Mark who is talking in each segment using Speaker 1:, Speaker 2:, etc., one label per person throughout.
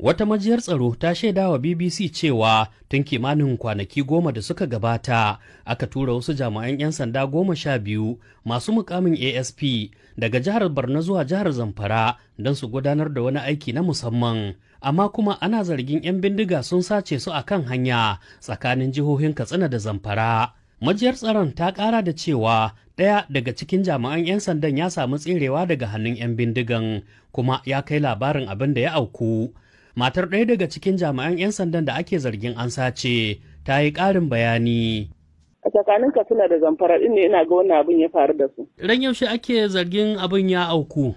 Speaker 1: Wata majiyar tsaro ta shaida wa BBC cewa tun kimanin kwanaki goma da suka gabata aka tura wasu jami'an 'yan sanda goma sha biyu masu mukamin ASP daga jihar Barna zuwa jihar Zamfara don su gudanar da wani aiki na musamman. Amma kuma ana zargin 'yan bindiga sun sace su a kan hanya tsakanin jihohin Katsina da Zamfara. Majiyar tsaron ta ƙara da cewa ɗaya daga cikin jami'an 'yan sandan ya samu tserewa daga hannun 'yan bindigan kuma ya kai labarin abin da ya auku. matar ɗaya daga cikin jami'an 'yan sandan da ake zargin an sace ta yi ƙarin bayani
Speaker 2: a tsakanin katsina da zamfara ɗin ne ina ga wannan abin ya faru da su ran yaushe ake
Speaker 1: zargin abin ya auku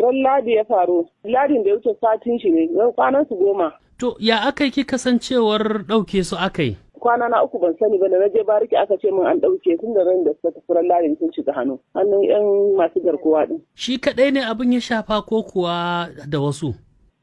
Speaker 2: ran ladi ya faru ladin da ya wuce satin shi ne ran kwanan su goma
Speaker 1: to ya aka ki kasancewar ɗauke su akai
Speaker 2: kwana na uku ban sani ba da na je bariki aka ce min an ɗauke tun da ran da suka tafi ran ladin sun shiga hannu hannun yan masu garkuwa ɗin
Speaker 1: shi kaɗai ne abin ya shafa ko kuwa da wasu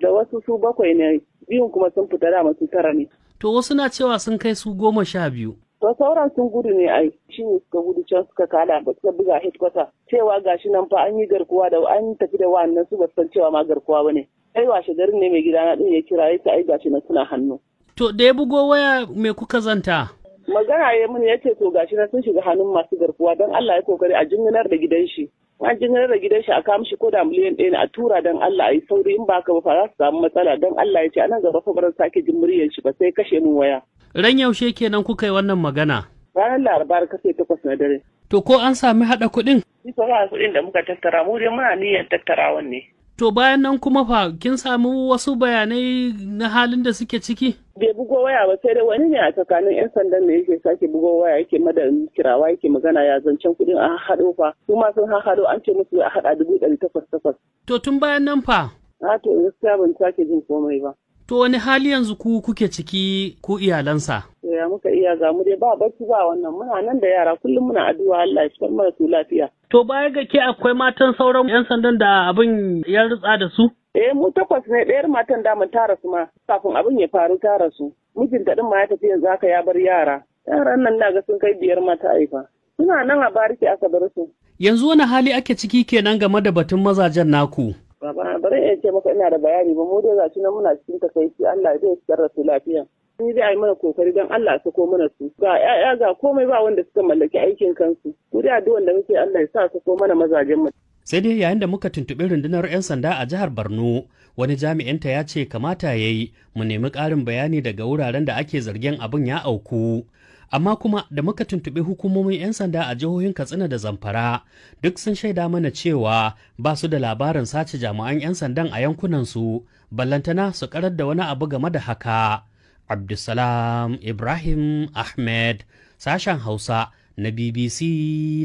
Speaker 1: da wasu su bakwai
Speaker 2: ne biyun kuma sun fita da masu tara ne.
Speaker 1: To wasu na cewa sun kai su goma sha biyu.
Speaker 2: To sauran sun gudu ne ai shi ne suka gudu can suka kala ba suka buga headquarter cewa gashi nan fa an yi garkuwa da an tafi da wa'annan su ba san cewa ma garkuwa ba ne. Ai washe garin ne mai gidana din ya kira ya ai gashi nan suna hannu.
Speaker 1: To da ya bugo waya me kuka zanta?
Speaker 2: Magana ya mun ya ce to gashi nan sun shiga hannun masu garkuwa don Allah ya kokari a jinginar da gidan shi. an jin da gidan shi a kawo ko koda miliyan ɗaya ne a tura don Allah a yi sauri in ba ka ba za su samu matsala don Allah ya ce anan gaba fa baran sake jin muryar shi ba sai kashe min waya.
Speaker 1: Ran yaushe kenan kuka yi wannan magana? Ranar Laraba da kafe takwas na dare. To ko an sami haɗa kuɗin?
Speaker 2: Ni ba kuɗin da muka tattara mu dai muna niyyar tattarawan ne.
Speaker 1: To bayan nan kuma fa kin samu wasu bayanai na halin da suke ciki?
Speaker 2: Bai bugo waya ba sai dai wani ne a tsakanin 'yan sandan da yake sake bugo waya yake mada kirawa yake magana ya zancen kuɗin a haɗo fa. Su ma sun haɗo an ce musu a haɗa dubu ɗari takwas takwas. To tun bayan nan fa? A to gaskiya ban sake jin komai ba.
Speaker 1: To wani hali yanzu ku kuke ciki ku iyalansa?
Speaker 2: Ya muka iya ga mu dai ba barci ba wannan muna nan da yara kullum muna addu'a Allah ya fitar mana su lafiya.
Speaker 1: To baya ga ke akwai matan sauran 'yan sandan da abin ya rutsa da su?
Speaker 2: Eh mu takwas ne ɗayar matan damun ta rasu ma kafin abin ya faru ta rasu. Mijinta ɗin ma ya tafi yanzu haka ya bar yara. Yaran nan na ga sun kai biyar mata aifa. Suna nan a bariki aka bar su.
Speaker 1: Yanzu wani hali ake ciki kenan game da batun mazajen naku?
Speaker 2: Baba bari in ce maka ina da bayani ba mu dai ga nan muna cikin takaici Allah zai tsare su lafiya. sun dai a mana kokari don Allah sako mana su ga ƴaƴa ga komai ba wanda suka mallaki aikin kansu ku da addu'an da muke Allah ya sa sako mana mazajen mu
Speaker 1: sai dai yayin da muka tuntuɓi rundunar 'yan sanda a jihar Borno wani jami'inta ya ce kamata ya yi mu nemi ƙarin bayani daga wuraren da ake zargin abin ya auku amma kuma da muka tuntuɓi hukumomin 'yan sanda a jihohin katsina da zamfara duk sun shaida mana cewa ba su da labarin sace jami'an 'yan sandan a yankunansu ballantana su karar da wani abu game da haka Abdulsalam Ibrahim Ahmed sashen Hausa na BBC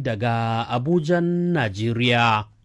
Speaker 1: daga Abujan, Najeriya.